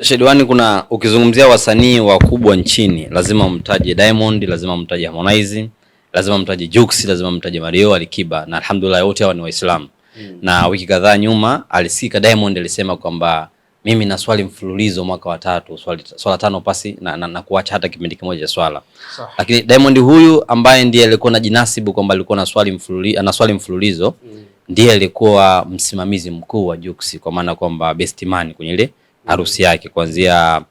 Shedwani, kuna ukizungumzia wasanii wakubwa nchini lazima mtaje Diamond, lazima mtaje Harmonize, lazima mtaje Jux, lazima mtaje Mario Alikiba, na alhamdulillah wote hawa ni Waislamu mm. Na wiki kadhaa nyuma alisikika Diamond alisema kwamba mimi na swali mfululizo mwaka wa tatu swali, swala tano pasi na, na, na kuacha hata kipindi kimoja swala so. Lakini Diamond huyu ambaye ndiye alikuwa na jinasibu kwamba alikuwa na swali mfululizo, na swali mfululizo mm. Ndiye alikuwa msimamizi mkuu wa Jux kwa maana kwamba best man kwenye ile harusi yake kuanzia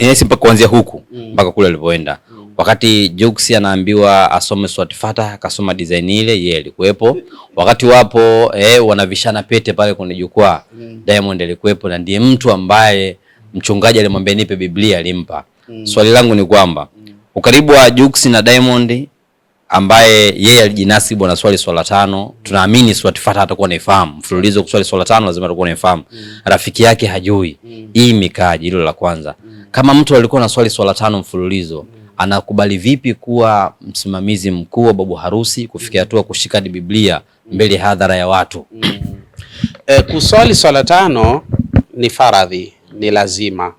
yes, mpaka kuanzia huku mm. mpaka kule alipoenda. Mm. Wakati Jux anaambiwa asome Swat Fatah akasoma design ile, yeye alikuwepo. Wakati wapo eh, wanavishana pete pale kwenye jukwaa, mm. Diamond alikuwepo na ndiye mtu ambaye mchungaji alimwambia nipe Biblia, alimpa. Swali langu ni kwamba ukaribu wa Jux na Diamond ambaye yeye alijinasibu na swali swala tano, tunaamini fata atakuwa naifahamu mfululizo swali swala tano, lazima atakuwa naifahamu mm. Rafiki yake hajui mm. Hii mikaji hilo la kwanza mm. Kama mtu alikuwa na swali swala tano mfululizo mm. Anakubali vipi kuwa msimamizi mkuu wa babu harusi kufikia mm. hatua kushika Biblia mbele mm. hadhara ya watu mm. E, kuswali swala tano ni faradhi, ni lazima.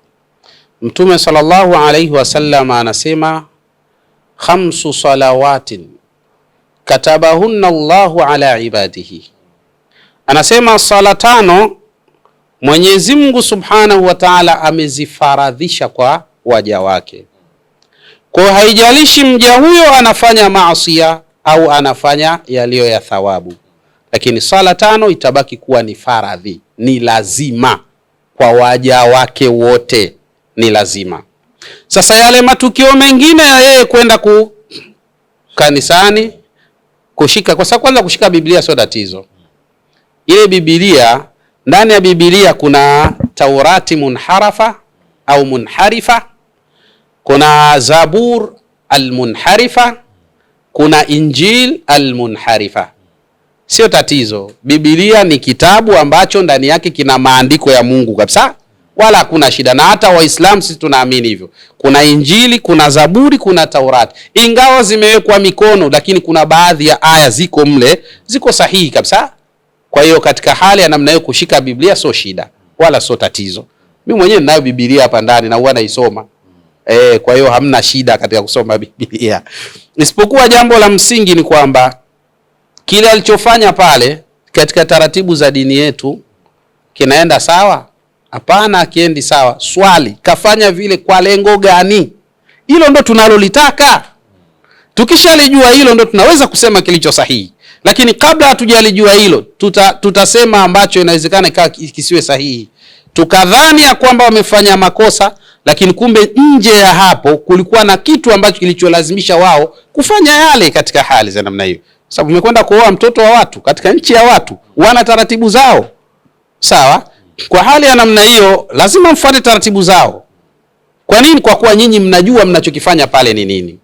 Mtume sallallahu alaihi wasallam anasema khamsu salawatin katabahunna Allahu ala ibadihi, anasema sala tano Mwenyezi Mungu subhanahu wa taala amezifaradhisha kwa waja wake. Kwa haijalishi mja huyo anafanya maasia au anafanya yaliyo ya thawabu, lakini sala tano itabaki kuwa ni faradhi, ni lazima kwa waja wake wote, ni lazima. Sasa yale matukio mengine ya yeye kwenda ku kanisani kushika, kwa sababu kwanza kushika Biblia sio tatizo. Ile Biblia, ndani ya Biblia kuna Taurati munharafa au munharifa, kuna Zabur almunharifa, kuna Injil almunharifa. Sio tatizo. Biblia ni kitabu ambacho ndani yake kina maandiko ya Mungu kabisa wala hakuna shida. Na hata Waislamu sisi tunaamini hivyo. Kuna Injili, kuna Zaburi, kuna Taurati, ingawa zimewekwa mikono, lakini kuna baadhi ya aya ziko mle ziko sahihi kabisa. Kwa hiyo katika hali ya namna hiyo kushika Biblia sio shida wala sio tatizo. Mimi mwenyewe ninayo Biblia hapa ndani na huwa naisoma. e, kwa hiyo hamna shida katika kusoma Biblia. Isipokuwa jambo la msingi ni kwamba kile alichofanya pale katika taratibu za dini yetu kinaenda sawa Hapana, akiendi sawa. Swali, kafanya vile kwa lengo gani? Hilo ndo tunalolitaka. Tukishalijua hilo ndo tunaweza kusema kilicho sahihi, lakini kabla hatujalijua hilo tuta, tutasema ambacho inawezekana ikawa kisiwe sahihi, tukadhani ya kwamba wamefanya makosa, lakini kumbe nje ya hapo kulikuwa na kitu ambacho kilicholazimisha wao kufanya yale katika hali za namna hiyo. Sababu umekwenda kuoa mtoto wa watu katika nchi ya watu, wana taratibu zao, sawa kwa hali ya namna hiyo, lazima mfuate taratibu zao. Kwa nini? Kwa kuwa nyinyi mnajua mnachokifanya pale ni nini.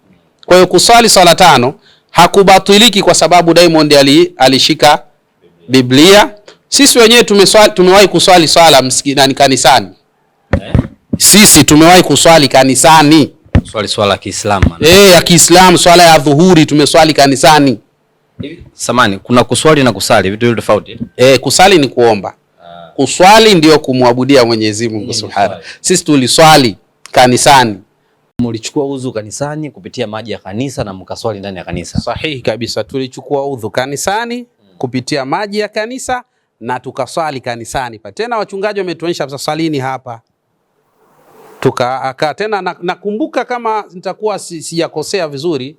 Kwa hiyo kuswali swala tano hakubatiliki kwa sababu Diamond ali, alishika Biblia. Sisi wenyewe tumewahi kuswali swala msikitini kanisani. Eh? Sisi tumewahi kuswali kanisani. Swali swala Kiislamu. Eh, ya Kiislamu swala ya dhuhuri tumeswali kanisani. Samani, kuna kuswali na kusali vitu tofauti. Eh, kusali ni kuomba kuswali ndio kumwabudia Mwenyezi Mungu Subhana. Sisi tuliswali kanisani. Mulichukua udhu kanisani kupitia maji ya kanisa na mkaswali ndani ya kanisa. Sahihi kabisa, tulichukua udhu kanisani hmm. kupitia maji ya kanisa na tukaswali kanisani pa. Tena wachungaji wametuonyesha salini hapa aka, tena. Nakumbuka na kama nitakuwa sijakosea vizuri,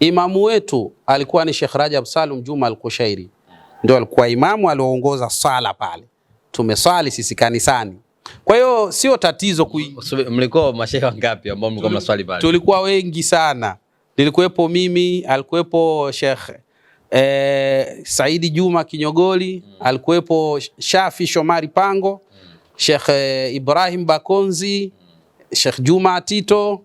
imamu wetu alikuwa ni Sheikh Rajab Salum Juma Al-Kushairi, ndio alikuwa imamu alioongoza sala pale tumeswali sisi kanisani. Kwa hiyo sio tatizo ku... mlikuwa mashehe wangapi ambao mlikuwa mnaswali pale? Tulikuwa wengi sana, nilikuwepo mimi, alikuwepo Sheikh eh, Saidi Juma Kinyogoli mm. alikuwepo Shafi Shomari Pango mm. Sheikh eh, Ibrahim Bakonzi mm. Sheikh Juma Tito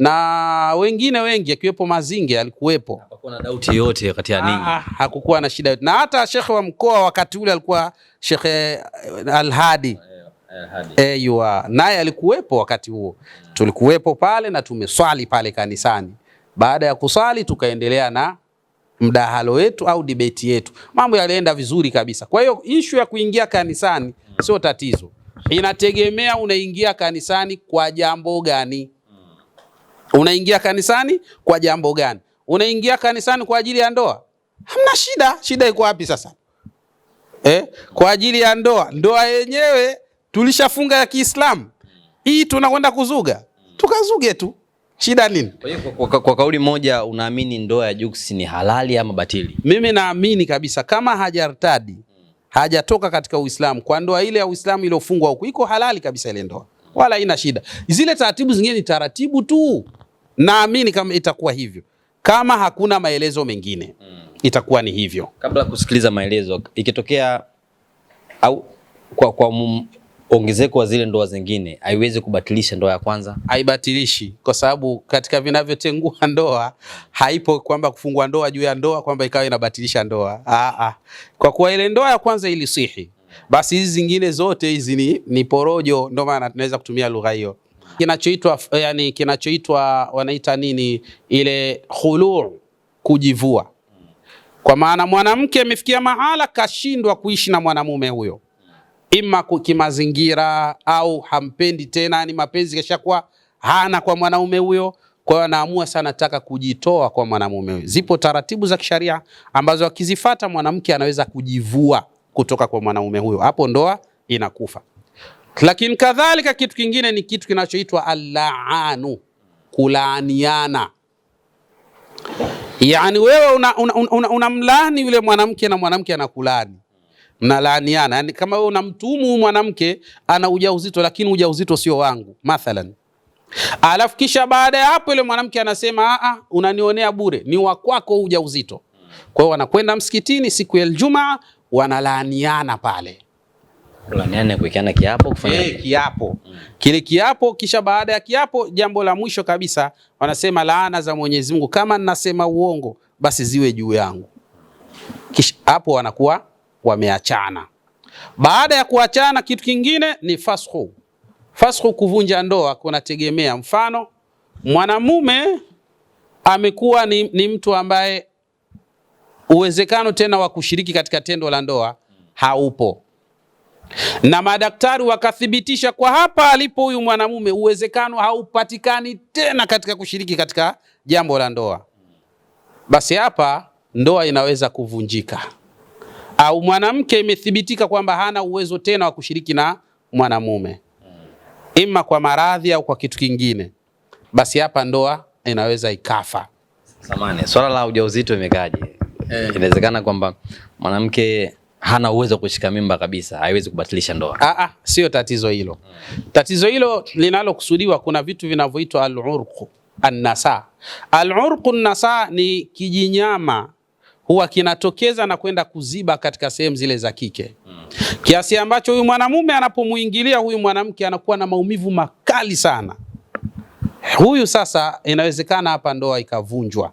na wengine wengi akiwepo Mazinge alikuwepo. Hakukuwa na dauti yote kati ya nini, ah, ah, hakukuwa na shida yote, na hata shekhe wa mkoa wakati ule alikuwa shekhe eh, Alhadi Eywa eh, eh, naye alikuwepo wakati huo, tulikuwepo pale na tumeswali pale kanisani. Baada ya kuswali, tukaendelea na mdahalo wetu au debate yetu, mambo yalienda vizuri kabisa. Kwa hiyo ishu ya kuingia kanisani sio tatizo, inategemea unaingia kanisani kwa jambo gani. Unaingia kanisani kwa jambo gani? Unaingia kanisani kwa ajili ya ndoa? Hamna shida. Shida iko wapi sasa? Eh, kwa ajili ya ndoa. Ndoa yenyewe tulishafunga ya Kiislamu, hii tunakwenda kuzuga, tukazuge tu, shida nini? Kwa hiyo kwa, kwa, kauli moja unaamini ndoa ya Jux ni halali ama batili? Mimi naamini kabisa kama hajartadi hajatoka katika Uislamu, kwa ndoa ile ya Uislamu iliyofungwa huko iko halali kabisa ile ndoa, wala haina shida. Zile taratibu zingine ni taratibu tu. Naamini kama itakuwa hivyo, kama hakuna maelezo mengine mm. itakuwa ni hivyo. Kabla kusikiliza maelezo, ikitokea au kwa, kwa mum, ongezeko wa zile ndoa zingine haiwezi kubatilisha ndoa ya kwanza, haibatilishi kwa sababu katika vinavyotengua ndoa haipo kwamba kufungua ndoa juu ya ndoa kwamba ikawa inabatilisha ndoa. aa. Ah, ah. Kwa kuwa ile ndoa ya kwanza ilisihi, basi hizi zingine zote hizi ni, ni porojo. Ndio maana tunaweza kutumia lugha hiyo kinachoitwa yani, kinachoitwa wanaita nini ile khuluu, kujivua. Kwa maana mwanamke amefikia mahala kashindwa kuishi na mwanamume huyo, ima kimazingira au hampendi tena, ni mapenzi kashakuwa hana kwa mwanaume huyo kwa hiyo anaamua sana taka kujitoa kwa mwanamume huyo. Zipo taratibu za kisharia ambazo akizifata mwanamke anaweza kujivua kutoka kwa mwanamume huyo, hapo ndoa inakufa. Lakini kadhalika kitu kingine ni kitu kinachoitwa allaanu, kulaaniana. yani wewe unamlaani una, una, una yule mwanamke na mwanamke anakulaani, mnalaaniana. yani kama wewe unamtuhumu mwanamke ana ujauzito, lakini ujauzito sio wangu mathalan, alafu kisha baada ya hapo yule mwanamke anasema a, unanionea bure, ni wakwako ujauzito. Kwa hiyo wanakwenda msikitini siku ya ljumaa wanalaaniana pale. Kula kuikiana kiapo kufanya hey, eh, kiapo mm. Kile kiapo kisha baada ya kiapo jambo la mwisho kabisa wanasema laana za Mwenyezi Mungu kama ninasema uongo basi ziwe juu yangu. Kisha hapo wanakuwa wameachana. Baada ya kuachana kitu kingine ni fashu. Fashu kuvunja ndoa kunategemea mfano mwanamume amekuwa ni, ni mtu ambaye uwezekano tena wa kushiriki katika tendo la ndoa haupo na madaktari wakathibitisha kwa hapa alipo huyu mwanamume uwezekano haupatikani tena katika kushiriki katika jambo la ndoa, basi hapa ndoa inaweza kuvunjika, au mwanamke imethibitika kwamba hana uwezo tena wa kushiriki na mwanamume, ima kwa maradhi au kwa kitu kingine, basi hapa ndoa inaweza ikafa. Samani, swala la ujauzito imekaje? Eh. inawezekana kwamba mwanamke hana uwezo kushika mimba kabisa, haiwezi kubatilisha ndoa. Ah, ah, sio tatizo hilo Tatizo hilo linalokusudiwa, kuna vitu vinavyoitwa al-urqu an-nasa. Al-urqu an-nasa ni kijinyama huwa kinatokeza na kwenda kuziba katika sehemu zile za kike Kiasi ambacho huyu mwanamume anapomuingilia huyu mwanamke anakuwa na maumivu makali sana. Huyu sasa, inawezekana hapa ndoa ikavunjwa,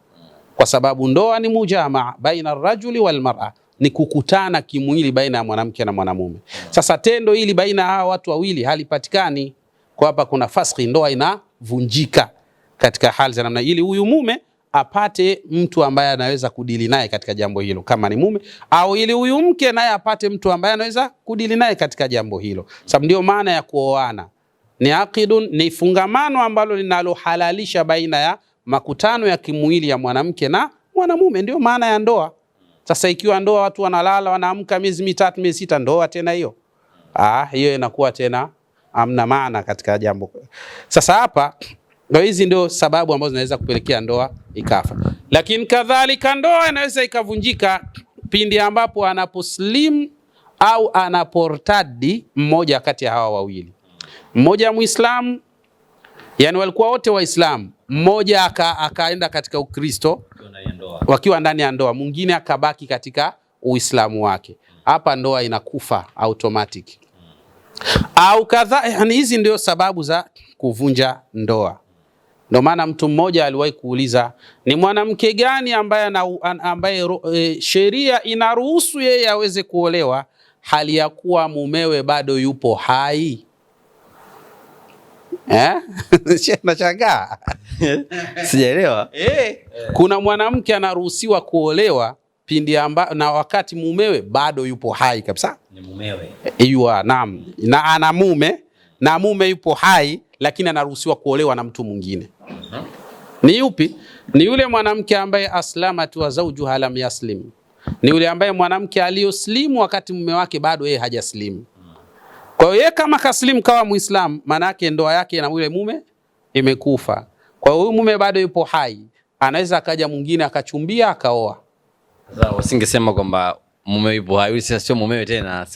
kwa sababu ndoa ni mujamaa baina rajuli wal mar'a ni kukutana kimwili baina ya mwanamke na mwanamume. Sasa tendo hili baina ya hawa watu wawili halipatikani, kwa hapa kuna faski, ndoa inavunjika katika hali za namna, ili huyu mume apate mtu ambaye anaweza kudili naye katika jambo hilo kama ni mume, au ili huyu mke naye apate mtu ambaye anaweza kudili naye katika jambo hilo. Sasa ndio maana ya kuoana ni aqidun, ni fungamano ambalo linalohalalisha baina ya makutano ya kimwili ya mwanamke na mwanamume, ndio maana ya ndoa. Sasa ikiwa ndoa watu wanalala wanaamka miezi mitatu miezi sita, ndoa tena hiyo? Ah, hiyo inakuwa tena amna maana katika jambo. Sasa hapa ndio hizi ndio sababu ambazo zinaweza kupelekea ndoa ikafa. Lakini kadhalika ndoa inaweza ikavunjika pindi ambapo anaposlim au anaportadi mmoja kati ya hawa wawili, mmoja Muislamu, yani walikuwa wote Waislamu, mmoja akaenda aka katika Ukristo ndoa, wakiwa ndani ya ndoa, mwingine akabaki katika Uislamu wake, hapa ndoa inakufa automatic au kadha. Yani hizi ndio sababu za kuvunja ndoa. Ndio maana mtu mmoja aliwahi kuuliza ni mwanamke gani ambaye, ambaye e, sheria inaruhusu yeye aweze kuolewa hali ya kuwa mumewe bado yupo hai eh? Nashangaa. sijaelewa eh. Kuna mwanamke anaruhusiwa kuolewa pindi amba, na wakati mumewe bado yupo hai kabisa ni mumewe eh, yua, naam, na ana mume na mume yupo hai lakini anaruhusiwa kuolewa na mtu mwingine uh-huh. Ni yupi? Ni yule mwanamke ambaye aslamat wa zawjuha lam yaslim, ni yule ambaye mwanamke aliyoslimu wakati mume wake bado yeye hajaslimu. Kwa hiyo yeye kama kaslimu kawa Muislamu, maana yake ndoa yake na yule mume imekufa. Kwa hiyo huyu mume bado yupo hai, anaweza akaja mwingine akachumbia akaoa. Sasa wasingesema kwamba mume yupo hai, sasa sio mumewe tena,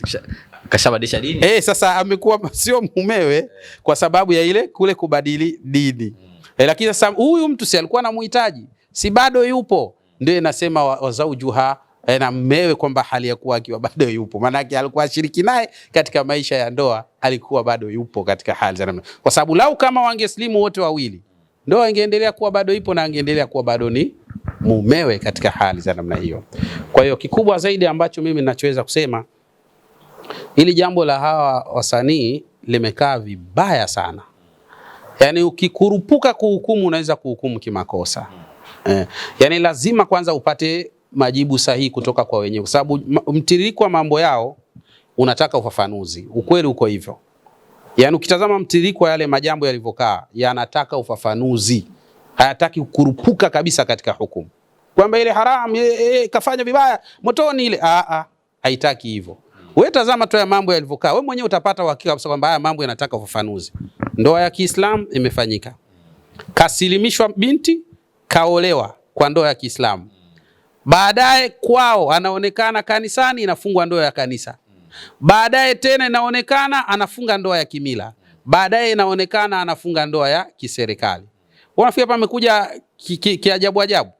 kashabadilisha dini eh, sasa amekuwa sio mumewe kwa sababu ya ile kule kubadili dini mm. E, lakini sasa huyu mtu si alikuwa anamhitaji, si bado yupo, ndio inasema wazaujuha E, na mmewe kwamba hali ya kuwa akiwa bado yupo, maanake alikuwa ashiriki naye katika maisha ya ndoa, alikuwa bado yupo katika hali za namna, kwa sababu lau kama wangeslimu wote wawili ndoa ingeendelea kuwa bado ipo na angeendelea kuwa bado ni mumewe katika hali za namna hiyo. Kwa hiyo kikubwa zaidi ambacho mimi ninachoweza kusema, ili jambo la hawa wasanii limekaa vibaya sana. Yaani ukikurupuka kuhukumu unaweza kuhukumu kimakosa. Eh, yaani lazima kwanza upate majibu sahihi kutoka kwa wenyewe, kwa sababu mtiririko wa mambo yao unataka ufafanuzi. Ukweli uko hivyo. Yaani ukitazama mtiririko yale majambo yalivyokaa yanataka ufafanuzi, hayataki kukurupuka kabisa katika hukumu kwamba ile haramu e, eh, e, eh, eh, kafanya vibaya motoni ile, a ah, a, ah, haitaki hivyo. Wewe tazama tu ya mambo yalivyokaa, wewe mwenyewe utapata uhakika kabisa kwamba haya mambo yanataka ufafanuzi. Ndoa ya Kiislamu imefanyika, kasilimishwa binti, kaolewa kwa ndoa ya Kiislamu, baadaye kwao anaonekana kanisani, inafungwa ndoa ya kanisa baadaye tena inaonekana anafunga ndoa ya kimila, baadaye inaonekana anafunga ndoa ya kiserikali. Wanafikia hapa amekuja kiajabu ki, ki ajabu,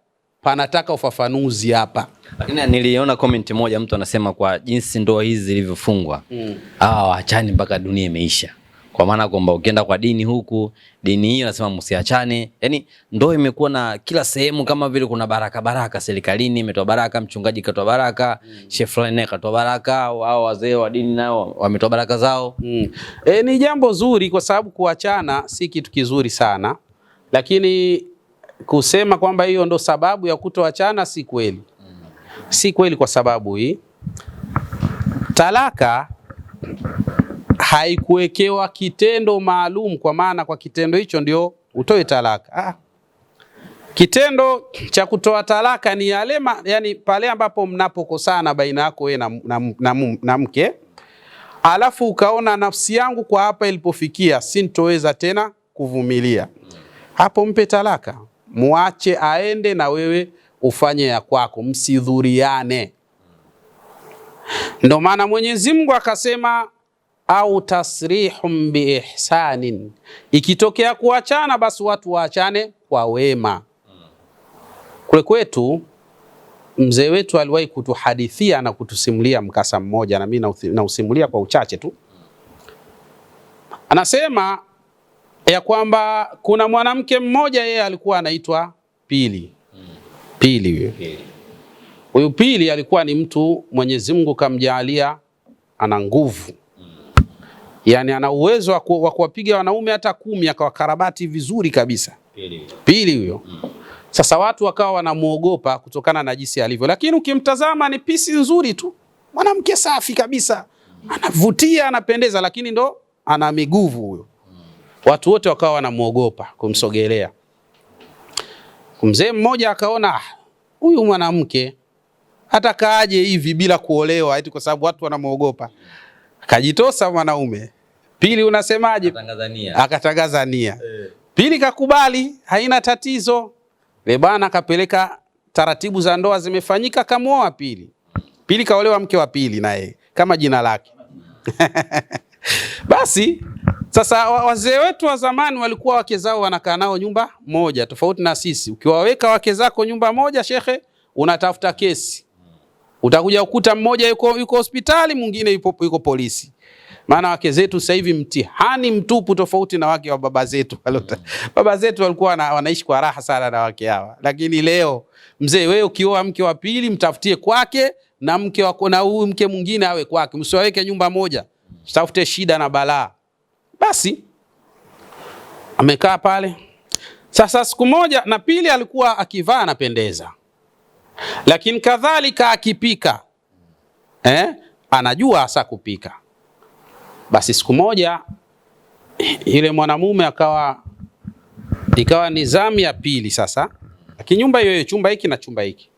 panataka ufafanuzi hapa. Lakini niliona comment moja, mtu anasema kwa jinsi ndoa hizi zilivyofungwa, mm. hawa mpaka dunia imeisha kwa maana kwamba ukienda kwa dini huku, dini hiyo nasema msiachane. Yani ndoa imekuwa na kila sehemu, kama vile kuna baraka baraka, serikalini imetoa baraka, mchungaji katoa baraka mm. shefu fulani naye katoa baraka, wao wazee wa dini nao wametoa baraka zao mm. E, ni jambo zuri kwa sababu kuachana si kitu kizuri sana, lakini kusema kwamba hiyo ndo sababu ya kutoachana si kweli mm. si kweli, kwa sababu hii talaka haikuwekewa kitendo maalum, kwa maana kwa kitendo hicho ndio utoe talaka. Ah, kitendo cha kutoa talaka ni yale yani, pale ambapo mnapokosana baina yako wewe na, na, na, na, mke alafu ukaona nafsi yangu kwa hapa ilipofikia, sintoweza tena kuvumilia, hapo mpe talaka, muache aende na wewe ufanye ya kwako, msidhuriane. Ndio maana Mwenyezi Mungu akasema au tasrihum biihsanin, ikitokea kuachana basi watu waachane kwa wema. Kule kwetu mzee wetu aliwahi kutuhadithia na kutusimulia mkasa mmoja, na mimi nausimulia kwa uchache tu. Anasema ya kwamba kuna mwanamke mmoja yeye alikuwa anaitwa Pili. Pili huyu Pili alikuwa ni mtu Mwenyezi Mungu kamjaalia ana nguvu yani ana uwezo wa kuwapiga wanaume hata kumi akawakarabati vizuri kabisa. Pili huyo mm. Sasa watu wakawa wanamwogopa kutokana na jinsi alivyo, lakini ukimtazama ni pisi nzuri tu, mwanamke safi kabisa, anavutia, anapendeza, lakini ndo ana miguvu huyo. Mm. Watu wote wakawa wanamwogopa kumsogelea. Mzee mmoja akaona ah, huyu mwanamke hata kaaje hivi bila kuolewa, eti kwa sababu watu wanamwogopa. Kajitosa mwanaume. Pili unasemaje? Akatangazania. Akatangazania. E. Pili kakubali, haina tatizo. Le bwana kapeleka taratibu za ndoa zimefanyika, kamuoa Pili. Pili kaolewa mke wa pili naye kama jina lake. Basi sasa wazee wetu wa zamani walikuwa wake zao wanakaa nao nyumba moja, tofauti na sisi. Ukiwaweka wake zako nyumba moja, shekhe, unatafuta kesi Utakuja ukuta mmoja yuko yuko hospitali, mwingine yuko, yuko polisi. Maana wake zetu sasa hivi mtihani mtupu, tofauti na wake wa baba zetu. Baba zetu walikuwa na, wanaishi kwa raha sana na wake hawa, lakini leo mzee, wewe ukioa mke wa pili mtafutie kwake na mke wako na huyu mke mwingine awe kwake, msiwaweke nyumba moja, msitafute shida na balaa. Basi amekaa pale sasa. Siku moja na pili alikuwa akivaa anapendeza lakini kadhalika akipika eh, anajua hasa kupika. Basi siku moja yule mwanamume akawa, ikawa ni zamu ya pili sasa, lakini nyumba hiyo hiyo, chumba hiki na chumba hiki,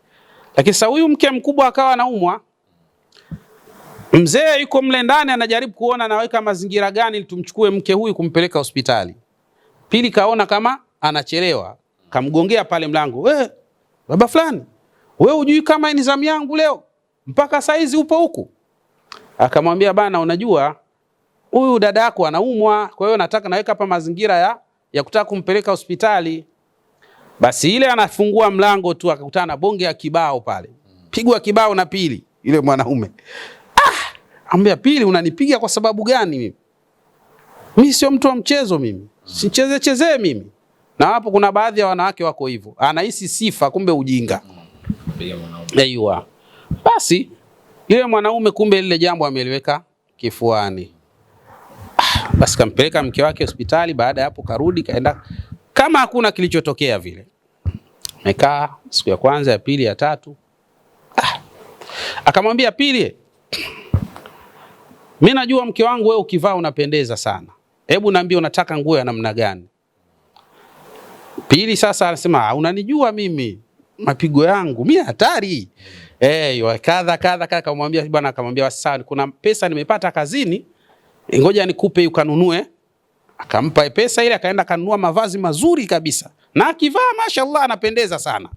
lakini sasa huyu mke mkubwa akawa anaumwa Mzee yuko mle ndani anajaribu kuona naweka mazingira gani tumchukue mke huyu kumpeleka hospitali. Pili kaona kama anachelewa, kamgongea pale mlango, we eh, baba fulani, We ujui kama ni zamu yangu leo mpaka saizi upo huku? Akamwambia bana, unajua huyu dada yako anaumwa, kwa hiyo nataka naweka hapa mazingira ya, ya kutaka kumpeleka hospitali. Basi ile anafungua mlango tu akakutana na bonge ya kibao pale, pigwa kibao na Pili yule mwanaume. Ah, ambia Pili, unanipiga kwa sababu gani? Mimi mi sio mtu wa mchezo, mimi sichezechezee mimi. Na hapo kuna baadhi ya wanawake wako hivyo, anahisi sifa, kumbe ujinga kumpiga mwanaume. There Basi yule mwanaume kumbe lile jambo ameliweka kifuani. Ah, basi kampeleka mke wake hospitali. Baada ya hapo karudi kaenda kama hakuna kilichotokea vile. amekaa siku ya kwanza, ya pili, ya tatu. Ah, akamwambia Pili, mimi najua mke wangu, wewe ukivaa unapendeza sana, hebu naambia unataka nguo ya namna gani? Pili sasa anasema ah, unanijua mimi mapigo yangu mimi hatari eh, kadha kadha kadha. kamwambia bwana, akamwambia wasani, kuna pesa nimepata kazini, eh, ngoja nikupe ukanunue. Akampa pesa ile, akaenda kanunua mavazi mazuri kabisa, na akivaa mashallah, anapendeza sana.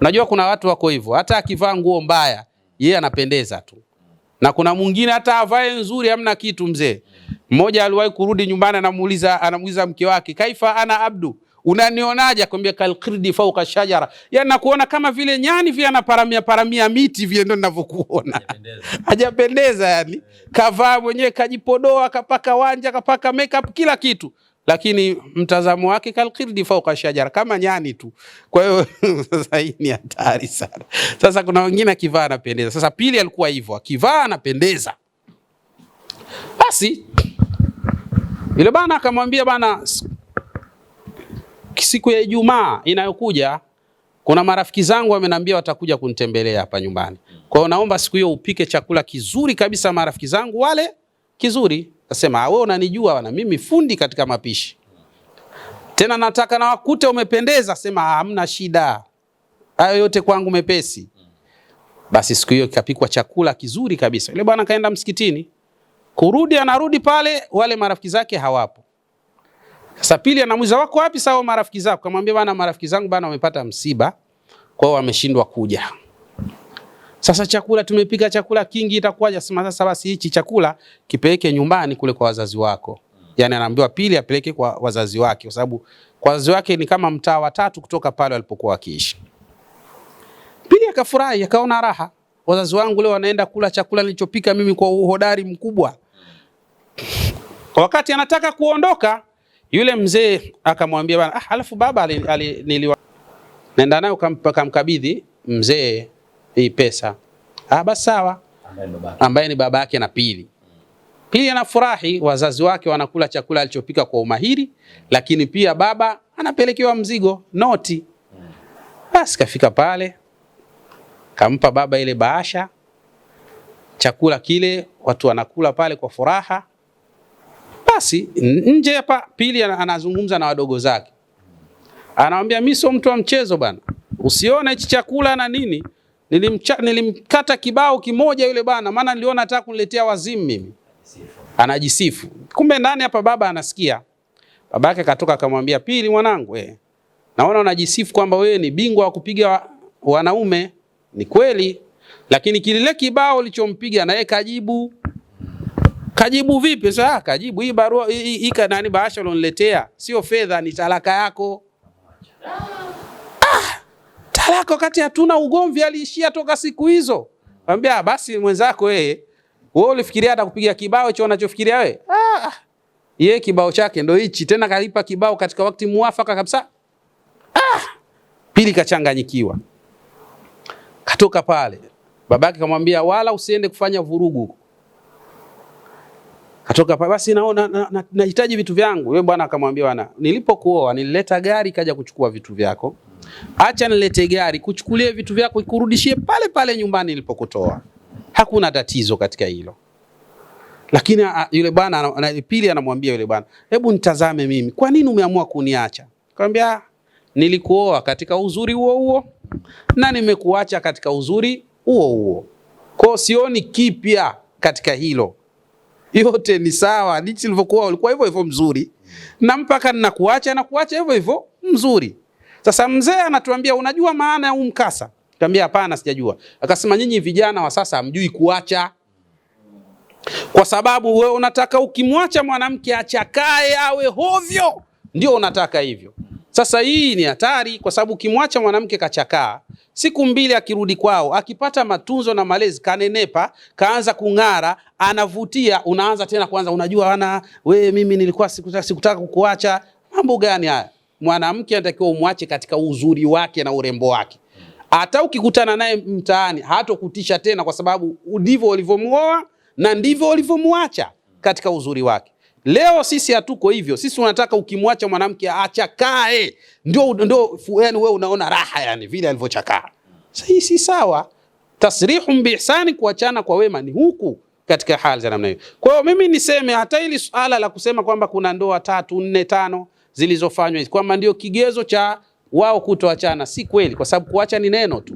Najua kuna watu wako hivyo, hata akivaa nguo mbaya yeye anapendeza tu, na kuna mwingine hata avae nzuri amna kitu. Mzee mmoja aliwahi kurudi nyumbani, anamuuliza anamuuliza mke wake, kaifa ana abdu unanionaje? Akwambia kalqirdi fauka shajara, yani nakuona kama vile nyani vile anaparamia paramia miti vile, ndo ninavyokuona. Hajapendeza yani, kavaa mwenyewe kajipodoa, kapaka wanja, kapaka makeup, kila kitu lakini mtazamo wake kalkirdi fauka shajara, kama nyani tu. Kwa hiyo sasa hii ni hatari sana. Sasa kuna wengine akivaa anapendeza. Sasa pili alikuwa hivyo, akivaa anapendeza. Basi yule bana akamwambia bana, siku ya Ijumaa inayokuja kuna marafiki zangu wameniambia watakuja kunitembelea hapa nyumbani. Kwa hiyo naomba siku hiyo upike chakula kizuri kabisa, marafiki zangu wale kizuri. Nasema ah, wewe unanijua na mimi fundi katika mapishi. Tena nataka na wakute umependeza, sema ah, hamna shida. Hayo yote kwangu mepesi. Basi siku hiyo kikapikwa chakula kizuri kabisa. Yule bwana kaenda msikitini. Kurudi anarudi pale, wale marafiki zake hawapo. Sasa pili anamuuliza wako wapi sawa marafiki zako? Kamwambia bana marafiki zangu bana wamepata msiba Kwa hiyo wameshindwa kuja. Sasa chakula tumepika chakula kingi itakuwaje? Sema sasa basi hichi chakula kipeleke nyumbani kule kwa wazazi wako. Yaani anaambiwa pili apeleke kwa wazazi wake kwa sababu kwa wazazi wake ni kama mtaa wa tatu kutoka pale walipokuwa wakiishi. Pili akafurahi akaona raha. Wazazi wangu leo wanaenda kula chakula nilichopika mimi kwa uhodari mkubwa. Wakati anataka kuondoka yule mzee akamwambia bwana, ah, alafu baba ali, ali, niliwa nenda naye kamkabidhi mzee hii pesa. Ah, basi sawa, ambaye ni baba yake na Pili. Pili anafurahi, wazazi wake wanakula chakula alichopika kwa umahiri, lakini pia baba anapelekewa mzigo noti. Basi kafika pale kampa baba ile bahasha, chakula kile watu wanakula pale kwa furaha basi nje hapa. Pili anazungumza na wadogo zake, anawambia mimi sio mtu wa mchezo bana, usione hichi chakula na nini. Nilimcha, nilimkata kibao kimoja yule bana, maana niliona nataka kuniletea wazimu mimi. Anajisifu, kumbe ndani hapa baba anasikia. Babake katoka akamwambia, Pili mwanangu, eh, naona unajisifu kwamba wewe ni bingwa wa kupiga wanaume. Ni kweli, lakini kilile kibao ulichompiga naye kajibu Kajibu vipi? Sasa ah, kajibu hii barua hii nani bahasha ulioniletea sio fedha, ni talaka yako. Ah, talaka wakati hatuna ugomvi, aliishia toka siku hizo. Ambia ah, basi mwenzako yeye, wewe ulifikiria atakupiga kibao hicho unachofikiria wewe? Ah, yeye kibao chake ndo hichi, tena kalipa kibao katika wakati muafaka kabisa. Ah, pili kachanganyikiwa, katoka pale, babake kamwambia wala usiende kufanya vurugu huko Katoka pale basi naona nahitaji na, na vitu vyangu. Yule bwana akamwambia bwana, nilipokuoa nilileta gari kaja kuchukua vitu vyako. Acha nilete gari kuchukulie vitu vyako ikurudishie pale pale nyumbani nilipokutoa. Hakuna tatizo katika hilo. Lakini yule bwana na, pili anamwambia yule bwana, hebu nitazame mimi. Kwa nini umeamua kuniacha? Akamwambia nilikuoa katika uzuri huo huo na nimekuacha katika uzuri huo huo. Kwa sioni kipya katika hilo yote ni sawa, jinsi ilivyokuwa ulikuwa hivyo hivyo mzuri, na mpaka ninakuacha na kuacha hivyo hivyo mzuri. Sasa mzee anatuambia unajua maana ya huu mkasa? Nikamwambia hapana, sijajua. Akasema nyinyi vijana wa sasa hamjui kuacha, kwa sababu we unataka ukimwacha mwanamke achakae awe hovyo, ndio unataka hivyo. Sasa hii ni hatari, kwa sababu ukimwacha mwanamke kachakaa Siku mbili akirudi kwao, akipata matunzo na malezi, kanenepa, kaanza kung'ara, anavutia, unaanza tena kwanza, unajua ana we, mimi nilikuwa sikutaka, sikutaka kukuacha. Mambo gani haya? Mwanamke anatakiwa umwache katika uzuri wake na urembo wake. Hata ukikutana naye mtaani hatokutisha tena, kwa sababu ndivyo ulivyomuoa na ndivyo ulivyomwacha katika uzuri wake. Leo sisi hatuko hivyo. Sisi unataka ukimwacha mwanamke achakae, ndio ndio, yani wewe unaona raha, yani vile alivyochakaa. Sasa si sawa. Tasrihu biihsani, kuachana kwa wema ni huku katika hali za namna hiyo. Kwa hiyo mimi niseme hata hili suala la kusema kwamba kuna ndoa tatu nne tano zilizofanywa hizo kwamba ndio kigezo cha wao kutoachana, si kweli, kwa sababu kuacha ni neno tu,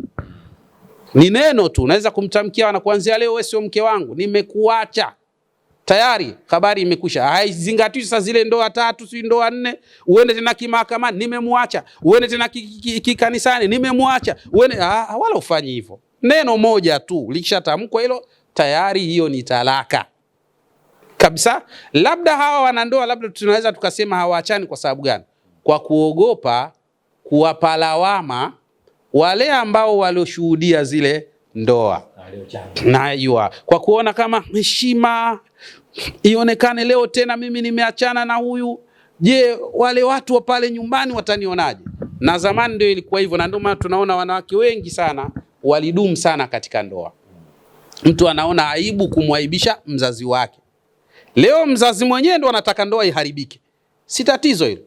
ni neno tu. Naweza kumtamkia na kuanzia leo wewe sio mke wangu, nimekuacha tayari habari imekwisha, haizingatiwi sasa zile ndoa tatu, si ndoa nne, uende tena kimahakamani, nimemwacha, uende tena kikanisani, nimemwacha, uende ah, wala ufanyi hivyo. Neno moja tu likishatamkwa hilo tayari, hiyo ni talaka kabisa. Labda hawa wanandoa, labda tunaweza tukasema hawaachani. Kwa sababu gani? Kwa kuogopa kuwapa lawama wale ambao walioshuhudia zile ndoa na kwa kuona kama heshima ionekane leo tena mimi nimeachana na huyu. Je, wale watu wa pale nyumbani watanionaje? Na zamani ndio ilikuwa hivyo, na ndio maana tunaona wanawake wengi sana walidumu sana katika ndoa. Mtu anaona aibu kumwaibisha mzazi wake. Leo mzazi mwenyewe ndo anataka ndoa iharibike, si tatizo hilo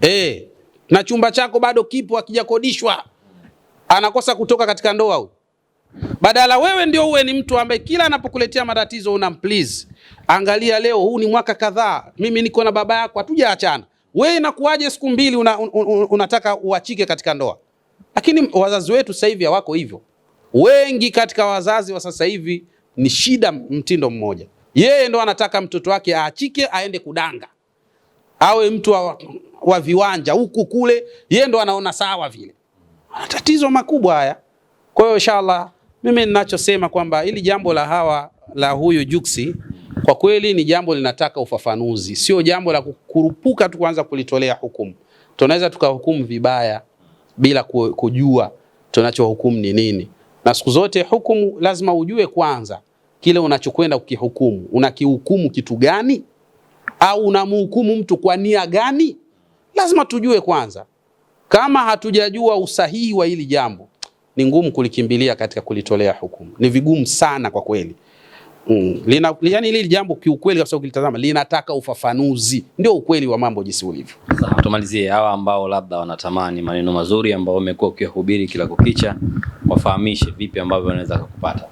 eh, na chumba chako bado kipo, akijakodishwa anakosa kutoka katika ndoa huyo. Badala wewe ndio uwe ni mtu ambaye kila anapokuletea matatizo una please. Angalia leo huu ni mwaka kadhaa, mimi niko na baba yako hatujaachana. Wewe inakuwaje siku mbili una, un, un, unataka uachike katika ndoa? Lakini wazazi wetu sasa hivi hawako hivyo. Wengi katika wazazi wa sasa hivi ni shida mtindo mmoja. Yeye ndo anataka mtoto wake aachike aende kudanga. Awe mtu wa, wa viwanja huku kule, yeye ndo anaona sawa vile. Matatizo makubwa haya. Kwa hiyo inshallah mimi ninachosema kwamba ili jambo la hawa la huyu Juksi kwa kweli ni jambo linataka ufafanuzi, sio jambo la kukurupuka tu kuanza kulitolea hukumu. Tunaweza tukahukumu vibaya bila kujua tunachohukumu ni nini, na siku zote hukumu lazima ujue kwanza kile unachokwenda kukihukumu, unakihukumu kitu gani, au unamhukumu mtu kwa nia gani? Lazima tujue kwanza. Kama hatujajua usahihi wa hili jambo ni ngumu kulikimbilia katika kulitolea hukumu, ni vigumu sana kwa kweli mm. Lina, yani hili jambo kiukweli sababu ukilitazama linataka ufafanuzi, ndio ukweli wa mambo jinsi ulivyo. Sasa tumalizie hawa ambao labda wanatamani maneno mazuri ambao umekuwa ukihubiri kila kukicha, wafahamishe vipi ambavyo wanaweza kukupata.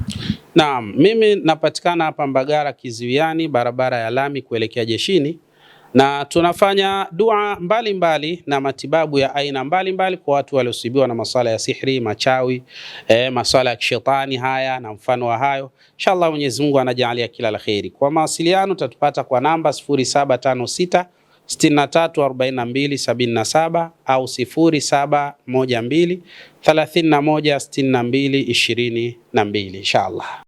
Naam, mimi napatikana hapa Mbagala Kiziwiani, barabara ya lami kuelekea jeshini na tunafanya dua mbalimbali mbali na matibabu ya aina mbalimbali mbali kwa watu waliosibiwa na maswala ya sihri, machawi, e, eh, maswala ya kishetani haya na mfano wa hayo. Inshallah Mwenyezi Mungu anajalia kila la kheri. Kwa mawasiliano tatupata kwa namba 0756 634277 au 0712 316222 inshallah.